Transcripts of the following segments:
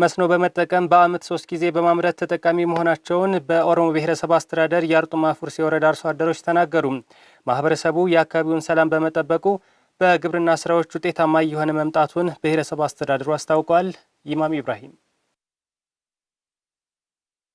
መስኖ በመጠቀም በዓመት ሶስት ጊዜ በማምረት ተጠቃሚ መሆናቸውን በኦሮሞ ብሔረሰብ አስተዳደር የአርጡማ ፉርሲ ወረዳ አርሶ አደሮች ተናገሩ። ማህበረሰቡ የአካባቢውን ሰላም በመጠበቁ በግብርና ስራዎች ውጤታማ እየሆነ መምጣቱን ብሔረሰብ አስተዳደሩ አስታውቋል። ኢማም ኢብራሂም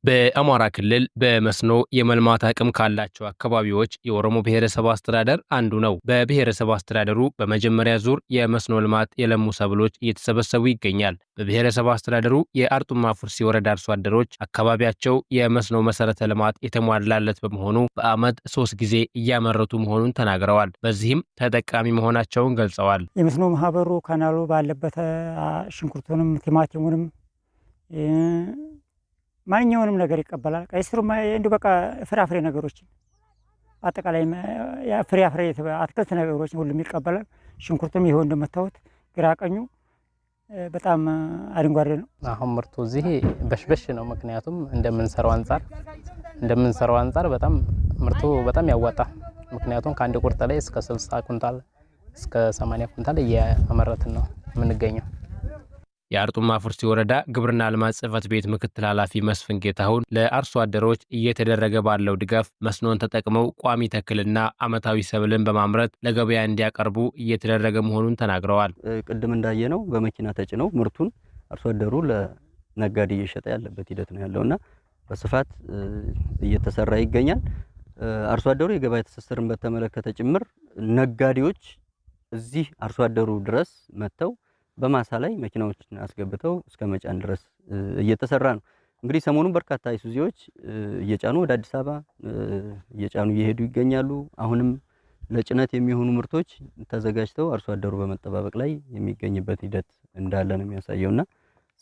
በአማራ ክልል በመስኖ የመልማት አቅም ካላቸው አካባቢዎች የኦሮሞ ብሔረሰብ አስተዳደር አንዱ ነው። በብሔረሰብ አስተዳደሩ በመጀመሪያ ዙር የመስኖ ልማት የለሙ ሰብሎች እየተሰበሰቡ ይገኛል። በብሔረሰብ አስተዳደሩ የአርጡማ ፉርሲ ወረዳ አርሶ አደሮች አካባቢያቸው የመስኖ መሰረተ ልማት የተሟላለት በመሆኑ በዓመት ሶስት ጊዜ እያመረቱ መሆኑን ተናግረዋል። በዚህም ተጠቃሚ መሆናቸውን ገልጸዋል። የመስኖ ማህበሩ ካናሉ ባለበት ሽንኩርቱንም ቲማቲሙንም ማንኛውንም ነገር ይቀበላል። ቀይ ስሩ እንዲሁ በቃ ፍራፍሬ ነገሮችን አጠቃላይ ፍሬፍሬ አትክልት ነገሮችን ሁሉም ይቀበላል። ሽንኩርቱም ይኸው እንደምታዩት ግራ ቀኙ በጣም አረንጓዴ ነው። አሁን ምርቱ እዚህ በሽበሽ ነው። ምክንያቱም እንደምንሰራው አንጻር እንደምንሰራው አንጻር በጣም ምርቱ በጣም ያዋጣ። ምክንያቱም ከአንድ ቁርጥ ላይ እስከ 60 ኩንታል እስከ 80 ኩንታል እያመረትን ነው የምንገኘው። የአርጡማ ፉርሲ ወረዳ ግብርና ልማት ጽህፈት ቤት ምክትል ኃላፊ መስፍን ጌታሁን ለአርሶ አደሮች እየተደረገ ባለው ድጋፍ መስኖን ተጠቅመው ቋሚ ተክልና አመታዊ ሰብልን በማምረት ለገበያ እንዲያቀርቡ እየተደረገ መሆኑን ተናግረዋል። ቅድም እንዳየ ነው በመኪና ተጭነው ምርቱን አርሶ አደሩ ለነጋዴ እየሸጠ ያለበት ሂደት ነው ያለውና በስፋት እየተሰራ ይገኛል። አርሶ አደሩ የገበያ ትስስርን በተመለከተ ጭምር ነጋዴዎች እዚህ አርሶ አደሩ ድረስ መጥተው በማሳ ላይ መኪናዎችን አስገብተው እስከ መጫን ድረስ እየተሰራ ነው። እንግዲህ ሰሞኑን በርካታ አይሱዚዎች እየጫኑ ወደ አዲስ አበባ እየጫኑ እየሄዱ ይገኛሉ። አሁንም ለጭነት የሚሆኑ ምርቶች ተዘጋጅተው አርሶ አደሩ በመጠባበቅ ላይ የሚገኝበት ሂደት እንዳለ ነው የሚያሳየውና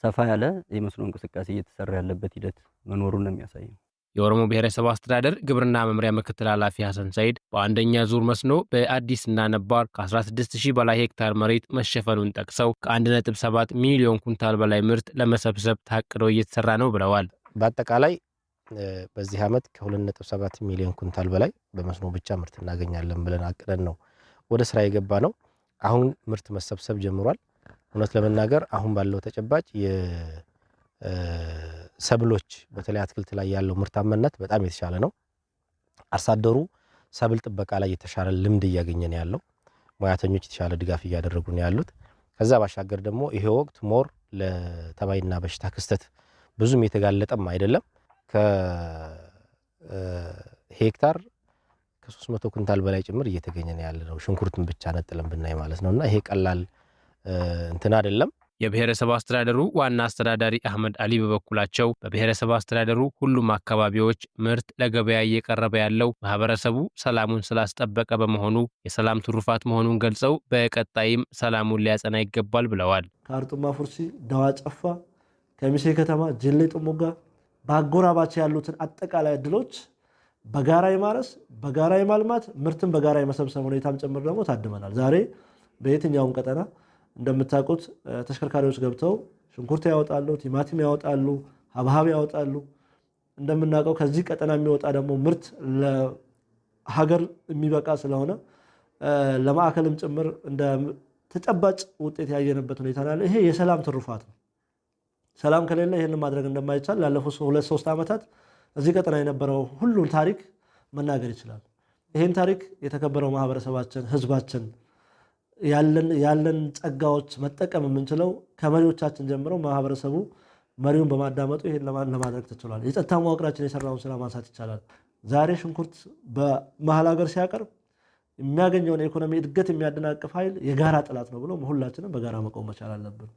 ሰፋ ያለ የመስኖ እንቅስቃሴ እየተሰራ ያለበት ሂደት መኖሩን ነው የሚያሳየው። የኦሮሞ ብሔረሰብ አስተዳደር ግብርና መምሪያ ምክትል ኃላፊ ሐሰን ሰይድ በአንደኛ ዙር መስኖ በአዲስና ነባር ከ16000 በላይ ሄክታር መሬት መሸፈኑን ጠቅሰው ከ1.7 ሚሊዮን ኩንታል በላይ ምርት ለመሰብሰብ ታቅዶ እየተሰራ ነው ብለዋል። በአጠቃላይ በዚህ ዓመት ከ2.7 ሚሊዮን ኩንታል በላይ በመስኖ ብቻ ምርት እናገኛለን ብለን አቅደን ነው ወደ ስራ የገባ ነው። አሁን ምርት መሰብሰብ ጀምሯል። እውነት ለመናገር አሁን ባለው ተጨባጭ ሰብሎች በተለይ አትክልት ላይ ያለው ምርታማነት በጣም የተሻለ ነው። አርሶ አደሩ ሰብል ጥበቃ ላይ የተሻለ ልምድ እያገኘ ነው ያለው። ሙያተኞች የተሻለ ድጋፍ እያደረጉ ነው ያሉት። ከዛ ባሻገር ደግሞ ይሄ ወቅት ሞር ለተባይና በሽታ ክስተት ብዙም የተጋለጠም አይደለም። ከሄክታር ከ300 ኩንታል በላይ ጭምር እየተገኘ ነው ያለ ነው። ሽንኩርትን ብቻ ነጥለን ብናይ ማለት ነው እና ይሄ ቀላል እንትን አይደለም። የብሔረሰብ አስተዳደሩ ዋና አስተዳዳሪ አህመድ አሊ በበኩላቸው በብሔረሰብ አስተዳደሩ ሁሉም አካባቢዎች ምርት ለገበያ እየቀረበ ያለው ማህበረሰቡ ሰላሙን ስላስጠበቀ በመሆኑ የሰላም ትሩፋት መሆኑን ገልጸው በቀጣይም ሰላሙን ሊያጸና ይገባል ብለዋል። ከአርጡማ ፉርሲ፣ ደዋ ጨፋ፣ ከሚሴ ከተማ፣ ጅሌ ጥሙጋ በአጎራባች ያሉትን አጠቃላይ እድሎች በጋራ የማረስ በጋራ የማልማት ምርትን በጋራ የመሰብሰብ ሁኔታም ጭምር ደግሞ ታድመናል። ዛሬ በየትኛውም ቀጠና እንደምታውቁት ተሽከርካሪዎች ገብተው ሽንኩርት ያወጣሉ፣ ቲማቲም ያወጣሉ፣ ሀብሀብ ያወጣሉ። እንደምናውቀው ከዚህ ቀጠና የሚወጣ ደግሞ ምርት ለሀገር የሚበቃ ስለሆነ ለማዕከልም ጭምር እንደ ተጨባጭ ውጤት ያየንበት ሁኔታ ያለ ይሄ የሰላም ትሩፋት ነው። ሰላም ከሌለ ይህንን ማድረግ እንደማይቻል ላለፉት ሁለት ሶስት ዓመታት እዚህ ቀጠና የነበረው ሁሉን ታሪክ መናገር ይችላል። ይህን ታሪክ የተከበረው ማህበረሰባችን ህዝባችን ያለን ጸጋዎች መጠቀም የምንችለው ከመሪዎቻችን ጀምረው ማህበረሰቡ መሪውን በማዳመጡ ይህን ለማድረግ ተችሏል። የጸጥታ መዋቅራችን የሰራውን ስራ ማንሳት ይቻላል። ዛሬ ሽንኩርት በመሀል ሀገር ሲያቀርብ የሚያገኘውን የኢኮኖሚ እድገት የሚያደናቅፍ ኃይል የጋራ ጠላት ነው ብሎ ሁላችንም በጋራ መቆም መቻል አለብን።